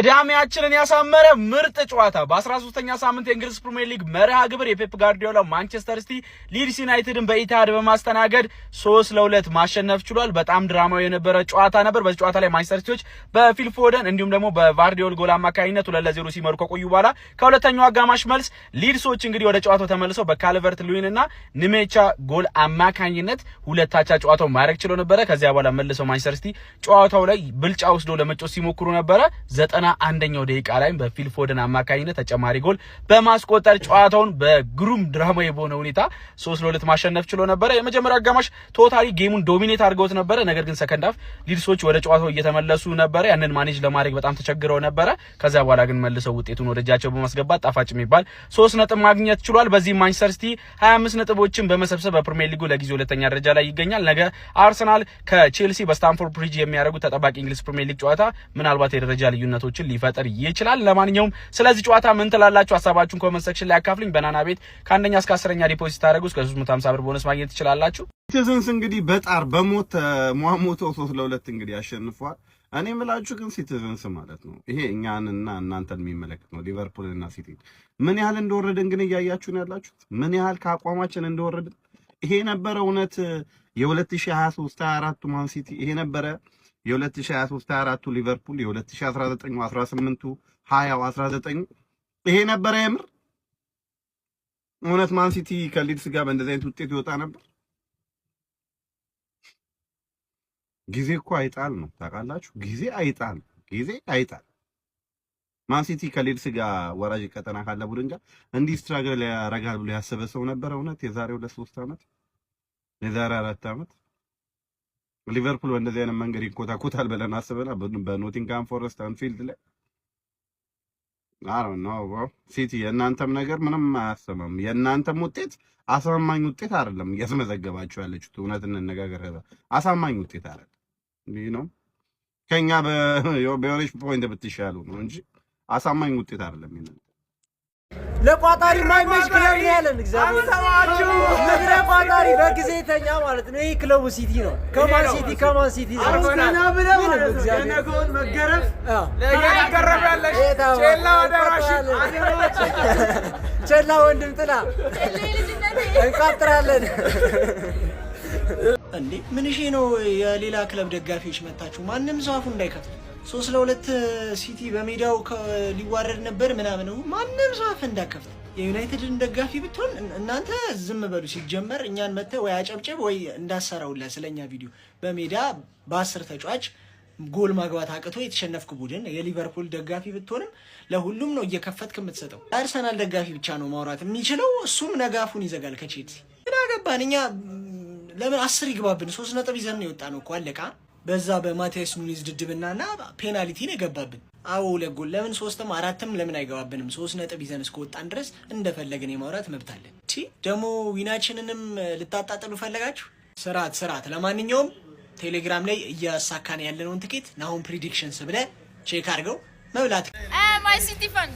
ቅዳሜያችንን ያሳመረ ምርጥ ጨዋታ በ13ኛ ሳምንት የእንግሊዝ ፕሪሚየር ሊግ መርሃ ግብር የፔፕ ጋርዲዮላ ማንቸስተር ሲቲ ሊድስ ዩናይትድን በኢትሃድ በማስተናገድ ሶስት ለሁለት ማሸነፍ ችሏል። በጣም ድራማዊ የነበረ ጨዋታ ነበር። በዚህ ጨዋታ ላይ ማንቸስተር ሲቲዎች በፊል ፎደን እንዲሁም ደግሞ በቫርዲዮል ጎል አማካኝነት ሁለት ለዜሮ ሲመሩ ከቆዩ በኋላ ከሁለተኛው አጋማሽ መልስ ሊድሶች እንግዲህ ወደ ጨዋታው ተመልሰው በካልቨርት ሉዊን እና ንሜቻ ጎል አማካኝነት ሁለታቻ ጨዋታው ማድረግ ችሎ ነበረ። ከዚያ በኋላ መልሰው ማንቸስተር ሲቲ ጨዋታው ላይ ብልጫ ወስዶ ለመጮት ሲሞክሩ ነበረ ዘጠና አንደኛው ደቂቃ ላይ በፊል ፎደን አማካኝነት ተጨማሪ ጎል በማስቆጠር ጨዋታውን በግሩም ድራማዊ በሆነ ሁኔታ ሶስት ለሁለት ማሸነፍ ችሎ ነበረ። የመጀመሪያው አጋማሽ ቶታሊ ጌሙን ዶሚኔት አድርገውት ነበረ። ነገር ግን ሰከንድ ሀፍ ሊድሶች ወደ ጨዋታው እየተመለሱ ነበረ። ያንን ማኔጅ ለማድረግ በጣም ተቸግረው ነበረ። ከዚያ በኋላ ግን መልሰው ውጤቱን ወደ እጃቸው በማስገባት ጣፋጭ የሚባል ሶስት ነጥብ ማግኘት ችሏል። በዚህ ማንቸስተር ሲቲ 25 ነጥቦችን በመሰብሰብ በፕሪሚየር ሊጉ ለጊዜ ሁለተኛ ደረጃ ላይ ይገኛል። ነገ አርሰናል ከቼልሲ በስታንፎርድ ብሪጅ የሚያደርጉት ተጠባቂ እንግሊዝ ፕሪሚየር ሊግ ጨዋታ ምናልባት የደረጃ ልዩነቶች ነገሮችን ሊፈጥር ይችላል። ለማንኛውም ስለዚህ ጨዋታ ምን ትላላችሁ? ሀሳባችሁን ኮመንት ሴክሽን ላይ አካፍልኝ። በናና ቤት ከአንደኛ እስከ አስረኛ ዲፖዚት ታደረጉ እስከ 350 ብር ቦነስ ማግኘት ትችላላችሁ። ሲቲዝንስ እንግዲህ በጣር በሞት ሟሞተው ሶስት ለሁለት እንግዲህ አሸንፏል። እኔ የምላችሁ ግን ሲቲዝንስ ማለት ነው ይሄ እኛንና እናንተን የሚመለከት ነው። ሊቨርፑልና ሲቲ ምን ያህል እንደወረድን ግን እያያችሁን ያላችሁት ምን ያህል ከአቋማችን እንደወረድን ይሄ ነበረ እውነት የ2023 24 ማን ሲቲ ይሄ ነበረ የ2023 24ቱ ሊቨርፑል የ2019 18ቱ 20 ው 19 ይሄ ነበረ የምር እውነት ማንሲቲ ከሊድስ ጋር በእንደዚህ አይነት ውጤት ይወጣ ነበር? ጊዜ እኮ አይጣል ነው ታውቃላችሁ። ጊዜ አይጣል፣ ጊዜ አይጣል። ማንሲቲ ከሊድስ ጋር ወራጅ ቀጠና ካለ ቡድን ጋር እንዲህ ስትራግል ያረጋል ብሎ ያሰበ ሰው ነበረ እውነት የዛሬ ሁለት ሶስት ዓመት የዛሬ አራት ዓመት ሊቨርፑል በእንደዚህ አይነት መንገድ ይኮታኮታል ብለን አስበና በኖቲንግሃም ፎረስት አንፊልድ ላይ አሮ ነው ብሮ ሲቲ የእናንተም ነገር ምንም አያሰማም። የእናንተም ውጤት አሳማኝ ውጤት አይደለም እያስመዘገባችሁ ያለችሁት። እውነት እንነጋገር አሳማኝ ውጤት አይደለም። ይህ ነው ከኛ በዮሬሽ ፖይንት ብትሻሉ ነው እንጂ አሳማኝ ውጤት አይደለም የእናንተ ለቋጣሪ ማይመች ክለብ ነው ያለን። እግዚአብሔር ቋጣሪ በጊዜ ተኛ ማለት ነው። ይሄ ክለቡ ሲቲ ነው። ከማን ሲቲ ከማን ሲቲ ቸላ ወንድም ጥላ እንቃጥራለን። እንዴ ምን ነው የሌላ ክለብ ደጋፊዎች መታችሁ? ማንም ሰው አፉ ሶስት ለሁለት ሲቲ በሜዳው ሊዋረድ ነበር ምናምን። ማንም ሰው አፍ እንዳከፍት የዩናይትድን ደጋፊ ብትሆን እናንተ ዝም በሉ። ሲጀመር እኛን መተ ወይ አጨብጭብ ወይ እንዳሰራውላ ስለኛ ቪዲዮ በሜዳ በአስር ተጫዋች ጎል ማግባት አቅቶ የተሸነፍክ ቡድን የሊቨርፑል ደጋፊ ብትሆንም ለሁሉም ነው እየከፈትክ የምትሰጠው። አርሰናል ደጋፊ ብቻ ነው ማውራት የሚችለው፣ እሱም ነጋፉን ይዘጋል ከቼልሲ ምን አገባን እኛ። ለምን አስር ይግባብን? ሶስት ነጥብ ይዘን ነው የወጣ ነው እኮ አለቃ በዛ በማቲያስ ሙኒዝ ድድብና ፔናልቲን የገባብን። አዎ ሁለት ጎል ለምን ሶስትም አራትም ለምን አይገባብንም? ሶስት ነጥብ ይዘን እስከወጣን ድረስ እንደፈለግን የማውራት መብት አለን። ደግሞ ዊናችንንም ልታጣጥሉ ፈለጋችሁ። ስርዓት ስርዓት። ለማንኛውም ቴሌግራም ላይ እያሳካን ያለነውን ትኬት ናሁን ፕሪዲክሽንስ ብለህ ቼክ አድርገው መብላት ማይ ሲቲ ፈን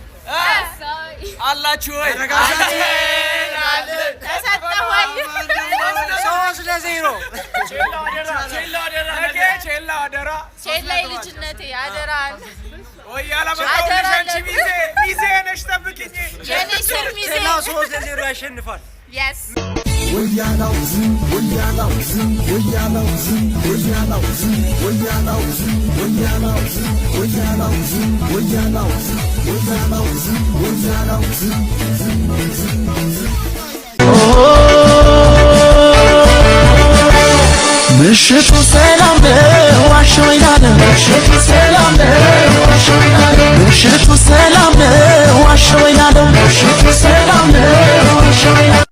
አላችሁ ወይ? ሶስት ለዜሮ ቼላ አደራ ቼላ የልጅነቴ አደራ ያሸንፋል። ወያላው ዝም ምሽቱ ሰላም ነው ዋሾይናነ ምሽቱ ሰላም ነው ዋሾይናነ ምሽቱ ሰላም ነው ዋሾይናነ ምሽቱ ሰላም ነው ዋሾይናነ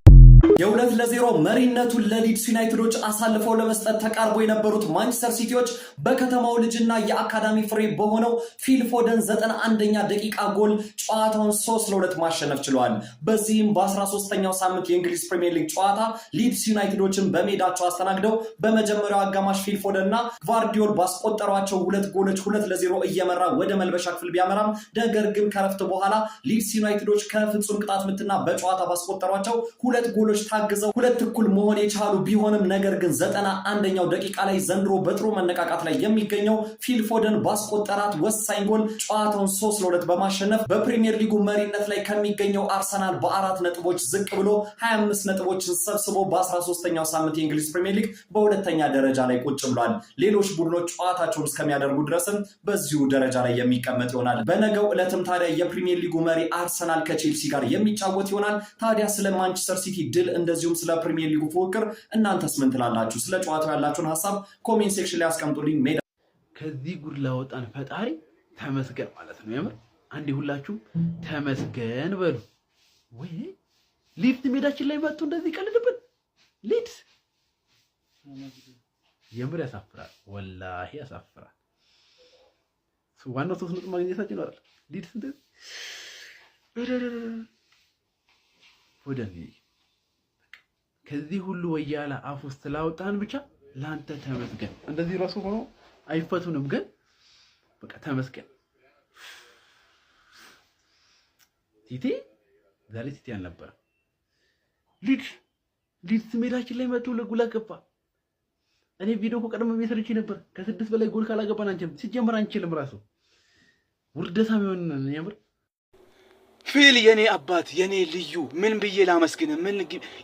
የሁለት ለዜሮ መሪነቱን ለሊድስ ዩናይትዶች አሳልፈው ለመስጠት ተቃርቦ የነበሩት ማንቸስተር ሲቲዎች በከተማው ልጅና የአካዳሚ ፍሬ በሆነው ፊልፎደን ዘጠና አንደኛ ደቂቃ ጎል ጨዋታውን ሶስት ለሁለት ማሸነፍ ችለዋል። በዚህም በ 13 ሳምንት የእንግሊዝ ፕሪሚየር ሊግ ጨዋታ ሊድስ ዩናይትዶችን በሜዳቸው አስተናግደው በመጀመሪያው አጋማሽ ፊልፎደን ፎደን እና ጓርዲዮል ባስቆጠሯቸው ሁለት ጎሎች ሁለት ለዜሮ እየመራ ወደ መልበሻ ክፍል ቢያመራም ነገር ግን ከረፍት በኋላ ሊድስ ዩናይትዶች ከፍጹም ቅጣት ምትና በጨዋታ ባስቆጠሯቸው ሁለት ጎሎች ታግዘው ሁለት እኩል መሆን የቻሉ ቢሆንም ነገር ግን ዘጠና አንደኛው ደቂቃ ላይ ዘንድሮ በጥሩ መነቃቃት ላይ የሚገኘው ፊልፎደን ባስቆጠራት ወሳኝ ጎል ጨዋታውን ሶስት ለሁለት በማሸነፍ በፕሪሚየር ሊጉ መሪነት ላይ ከሚገኘው አርሰናል በአራት ነጥቦች ዝቅ ብሎ 25 ነጥቦችን ሰብስቦ በ13ኛው ሳምንት የእንግሊዝ ፕሪሚየር ሊግ በሁለተኛ ደረጃ ላይ ቁጭ ብሏል። ሌሎች ቡድኖች ጨዋታቸውን እስከሚያደርጉ ድረስም በዚሁ ደረጃ ላይ የሚቀመጥ ይሆናል። በነገው ዕለትም ታዲያ የፕሪሚየር ሊጉ መሪ አርሰናል ከቼልሲ ጋር የሚጫወት ይሆናል። ታዲያ ስለ ማንቸስተር ሲቲ ድል እንደዚሁም ስለ ፕሪሚየር ሊጉ ፉክክር እናንተስ ምን ትላላችሁ? ስለ ጨዋታው ያላችሁን ሀሳብ ኮሜንት ሴክሽን ላይ አስቀምጡልኝ። ሜዳ ከዚህ ጉድ ላወጣን ፈጣሪ ተመስገን ማለት ነው። የምር አንዴ ሁላችሁም ተመስገን በሉ። ወይ ሊፍት ሜዳችን ላይ መጡ እንደዚህ ቀልድብን ሊድ የምር ያሳፍራል፣ ወላሂ ያሳፍራል። ዋናው ሶስት ነጥብ ማግኘታችን ይኖራል። ሊድ ስንት ወደ እኔ ከዚህ ሁሉ ወያላ አፍ ውስጥ ስላወጣን ብቻ ላንተ ተመስገን። እንደዚህ ራሱ ሆኖ አይፈቱንም፣ ግን በቃ ተመስገን። ሲቲ ዛሬ ሲቲ አልነበረም። ሊድ ሊድ ሜዳችን ላይ መጥቶ ለጉላ ገባ። እኔ ቪዲዮ እኮ ቀደም ነበር። ከስድስት በላይ ጎል ካላገባን አንችልም፣ ሲጀመር አንችልም። ራሱ ውርደታ የሚሆን የምር ፊል የኔ አባት የኔ ልዩ ምን ብዬ ላመስግን? ምን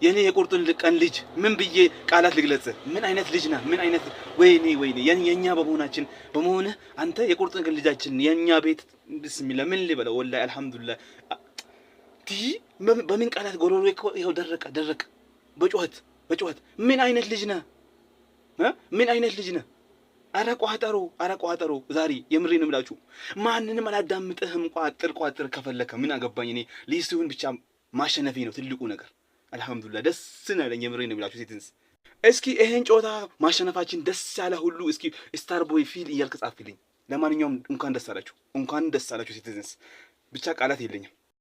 የኔ የቁርጥን ልቀን ልጅ ምን ብዬ ቃላት ልግለጽ? ምን አይነት ልጅ ነህ? ምን አይነት ወይኔ ወይኔ የኛ በመሆናችን በመሆነ አንተ የቁርጥን ቀን ልጃችን የኛ ቤት ብስሚላ ምን ልበለው? ወላሂ አልሐምዱሊላህ በምን ቃላት ጎሮሮ ይኸው ደረቀ ደረቀ። በጩኸት በጩኸት ምን አይነት ልጅ ነህ? ምን አይነት ልጅ ነህ? አረ ቋጠሮ አረ ቋጠሮ ዛሬ የምሬን እምላችሁ ማንንም አላዳምጥህም። ቋጥር ቋጥር ከፈለከ ምን አገባኝ እኔ ሊስቱን ብቻ ማሸነፌ ነው ትልቁ ነገር። አልሐምዱሊላህ ደስ ናለኝ። የምሬን እምላችሁ ሴትንስ እስኪ ይሄን ጨዋታ ማሸነፋችን ደስ ያለ ሁሉ እስኪ ስታር ቦይ ፊል እያልክ ጻፍልኝ። ለማንኛውም እንኳን ደስ አላችሁ፣ እንኳን ደስ አላችሁ ሴትንስ። ብቻ ቃላት የለኝም።